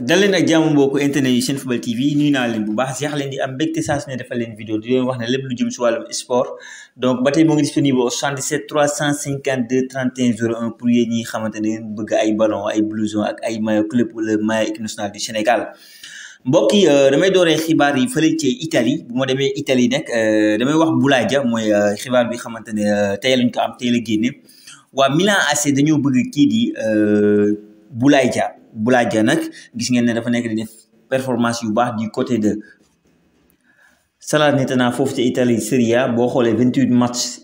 dal leen ak jàmm mbokku internet yi football TV nuyu naa leen bu baax si leen di am mbégte saa su ne defal leen vidéo di leen wax ne lépp lu jëm si wàllum sport donc ba tey moo ngi disponible au 77 352 31 01 pour yéen ñi xamante ne bëgg ay ballon ay blouson ak ay maillot club wala maillot équipe nationale du Sénégal mbokk yi damay doore xibaar yi fële ci Italie bu ma demee Italie nekk damay wax Boulaye Dia mooy xibaar bi xamante ne tey lañ ko am tey la génne waa Milan AC dañoo bëgg kii di Boulaye Boulaye Dia nag gis ngeen ne dafa nekk di def performance yu baax du côté de naa foofu ci Italie Serie A boo xoolee vingt-huit match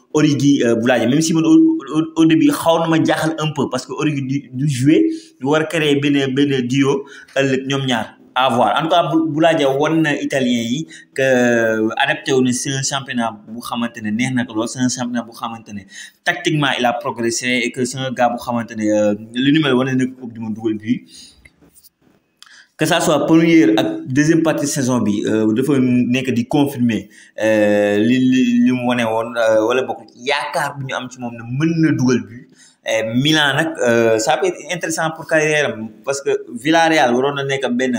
Origi euh, Boulaye même si au au début xaw na ma jaaxal un peu parce que Origi du jouer ñu war créer benn benn duo ëllëg ñom ñaar à voir en tout cas Boulaye won na italien yi que euh, adapté wu c'est un championnat bu xamantene neex na lool c'est un championnat bu xamantene tactiquement il a progressé et que c'est un gars bu xamantene ne euh, lu numéro mel na coupe du monde dugal bi que ça soit première ak deuxième partie saison bi euh, dafa nek di confirmer euh li li mu woné won euh, wala bokk yaakaar bu ñu am ci mom ne mën na dugal bi euh, Milan nak ça peut être intéressant pour carrière parce que Villarreal waroon na nekk ben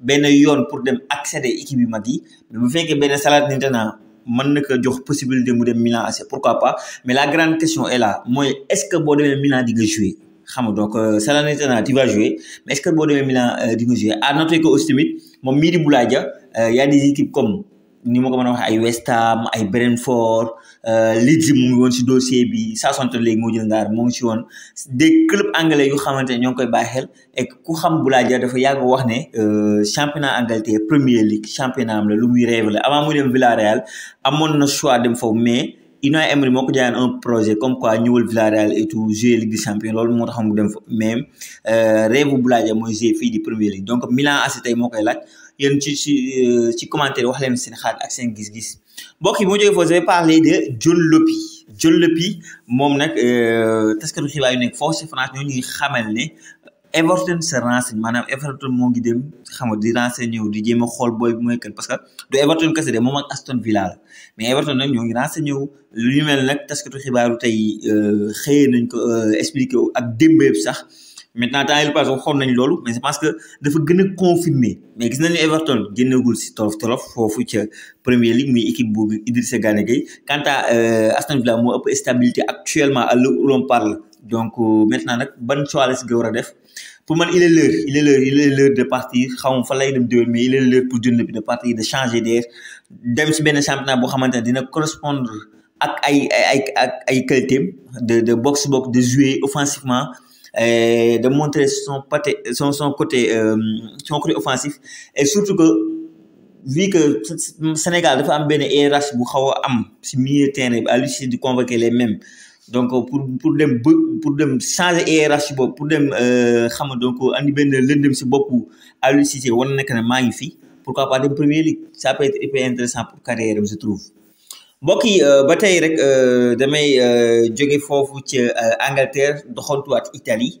benn yoon pour dem accéder équipe yu magi mais bu fekkee benn Salernitana mën na ko jox possibilité mu dem Milan assez pourquoi pas mais la grande question est là moy est-ce que bo demee Milan di nga jouer xam nga donc Salernitana euh, tu vas jouer mais est ce que euh, moom mii di Boulaye Dia euh, y a des ni ma ko mën a wax ay West Ham ay Brentford Leeds mu ngi woon si dossier bi Southampton léegi moo jël ngaar moo ngi si woon des clubs anglais yu xamante ne ñoo ngi koy bàyyi xel et ku xam Boulaye Dia dafa yàgg wax ne championnat Angleterre Premier League championnat am la lu muy rêve la avant muy dem Villarreal amoon na choix dem foofu mais. Unai Emery moo ko un projet comme quoi ñëwal Villarreal et tout jouer Ligue des Champions lol moo mu dem fa mais euh, rêve bu Boulaye Dia mooy jouer fii di première ligue donc Milan AC tay mokay koy laaj ci ci euh, ci commentaire wax leen sen xaat ak sen gis-gis mbokk mo moo jógee foofu je vais parler de Dion Lopy mom nak moom nag euh, taskatu yu nek foofu si France ñoo ñuy xamal ne Everton se renseigne maanaam Everton moo ngi dem xam nga di renseigné ñëw di jéem a xool booy bi mooy kan parce que du Everton kese de moom ak Aston Villa la mais Everton nag ñoo ngi renseigné wu lu ñu mel nag euh, nañ ko euh, expliqué wu ak démbeeb sax maintenant temps il nañ loolu mais que dafa gën a confirmé mais gis nañu Everton génnagul si tolof tolof foofu ca Premier League muy équipe bu Idrissa Gana Gueye quant à euh, Aston moo ëpp stabilité actuellement à l'heure où donc euh, maintenant nak ban choix la si def pour man il est l'heure il est l'heure il est l'heure de partir xaw fa lay dem déwén mais il est l'heure pour dund bi de partir de changer d'air dem ci benn championnat bo xamante ne dina correspondre ak ay ay ay ay qualité de de box box de jouer offensivement eh, de montrer son côté son son côté euh, son côté offensif et surtout que vu que Sénégal dafa am benn RH bu xaw a am si milieu terrain bi à l'issue de convoquer les mêmes donc euh, pour pour dem pour dem changer hiérarchie boobu pour dem euh, xam nga donc euh, andi benn lëndëm si boppu Aliou Cissé war na nekk ngi fi pourquoi pas dem Premier League ça peut être hyper intéressant pour carrière je trouve mbokk yi ba tay rek damay jóge fofu ci Angleterre doxantuwaat Italie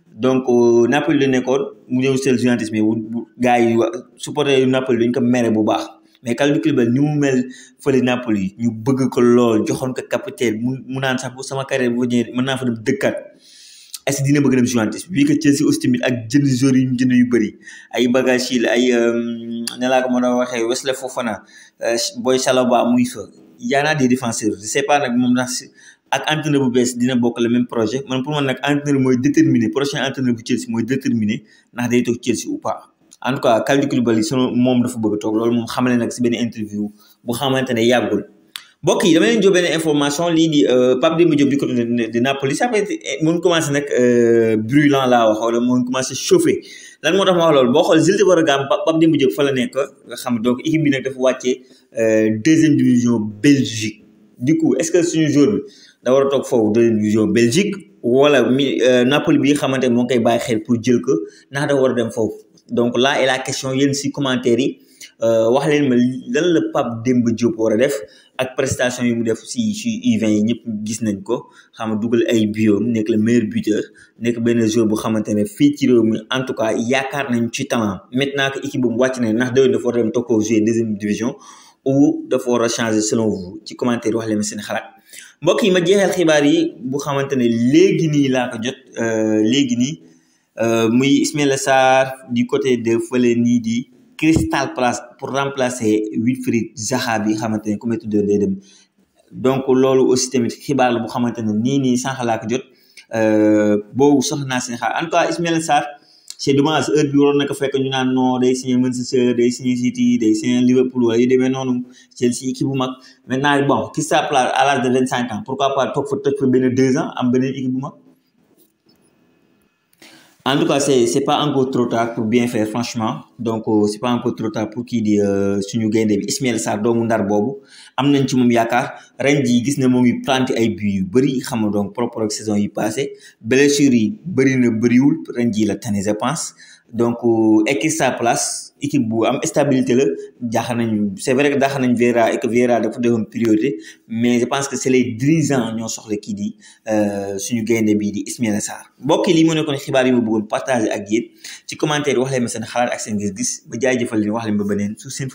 donc euh, Napoli la nekkoon mu ñëw sel Juventus mais gars yi wa supporter yu Napoli dañ ko mere bu baax mais Kalidou Koulibaly ni mu mel fële Napoli ñu bëgg ko lool joxoon ka capitaine mu mu naan sax bu sama carrière bu mën naa fa dem dëkkaat est dina bëgg dem Juventus bii que Chelsea aussi tamit ak jën joueurs yu ñu jënd yu bëri ay bagages yi ay euh, ne laa ko mën a waxee Wesley Fofana euh, Boy Saloba muy fa y en a des défenseurs je sais pas nag moom ndax ak entraîneur bu bees dina bokk le même projet man pour man nag entraîneur mooy déterminé prochain entraîneur bu Chelsea mooy déterminé ndax day toog Chelsea ou pas en tout cas Kalidou Koulibaly sunu moom dafa bëgg a toog loolu moom xamale nag si benn interview bu xamante ne yàggul mbokk yi dama leen jóg benn information lii di euh, Pape Demba Diop di côté de Napoli ça fait euh, mu ngi commencé nag euh, brûlant laa wax wala mu ngi commencé chauffé lan moo tax ma wax loolu boo xool Zulte Waregem Pape Demba Diop fa la nekk nga xam donc équipe bi nag dafa wàccee deuxième division Belgique du coup est-ce que suñu jour bi da war a toog foofu deuxième division Belgique wala mi euh, Napoli bi nga mo ngi koy bàyyi xel pour jël ko na da war dem fofu donc là et la question yéen ci commentaire yi euh, wax leen ma lan le Pape Demba djop wara def ak prestation yi mu def ci si U20 yi gis nañ ko xam nga ay biom nek le meilleur buteur nek ben joueur bu xamantene fi ci rew mi en tout cas yaakaar nañ ci talent maintenant que équipe boobu wàcc nañ ndax déwén dafa war a dem toog jouer deuxième division ou dafa war a changer selon vous ci commentaire wax leen ma seen xalaat. mbokk yi ma jeexal xibaar yi bu xamante ne léegi nii laa ko jot euh, léegi nii euh, muy Ismaïla Sarr du côté de fële nii di Crystal place pour remplacer Wilfried Zaha bi xamante ne ku métti doon day dem donc loolu aussi tamit xibaar la bu xamante ne nii nii sànq laa ko jot euh, boobu soxla naa seen xaar en tout cas Ismaïla c'est dommage un bi waroon na de fekk ñu naan non day signé Manchester day signé City day signé Liverpool wala yu demee noonu Chelsea équipe bu mag maintenant bon qui ça à l'âge de 25 ans pourquoi pas toog que tu fa benn deux ans am beneen équipe bu en tout cas c'est c'est pas encore trop tard pour bien faire franchement donc euh, c'est pas encore trop tard pour dit di euh, suñu gaynde bi Ismaël Sarr doomu ndar boobu am nañ ci mom yaakaar ren jii gis na moom yi planté ay buts yu bari xam donc propre saison yi passé blessure yi bëri na bëriwul ren jii la tane je pense donc euh, équipe sa place équipe bu am stabilité la jax nañ c'est vrai que jaaxal nañ Vera et que Vera dafa defoon priorité mais je pense que c'est les dirigeants ñoo soxla ki di euh suñu gaynde bi di Ismaël Sarr bokki li mo moo nekkoon xibaar yi mo bëggoon partager ak yéen ci commentaire wax leen ma seen xalaat ak seen gis gis ba jaajëfal leen wax leen ba beneen su seen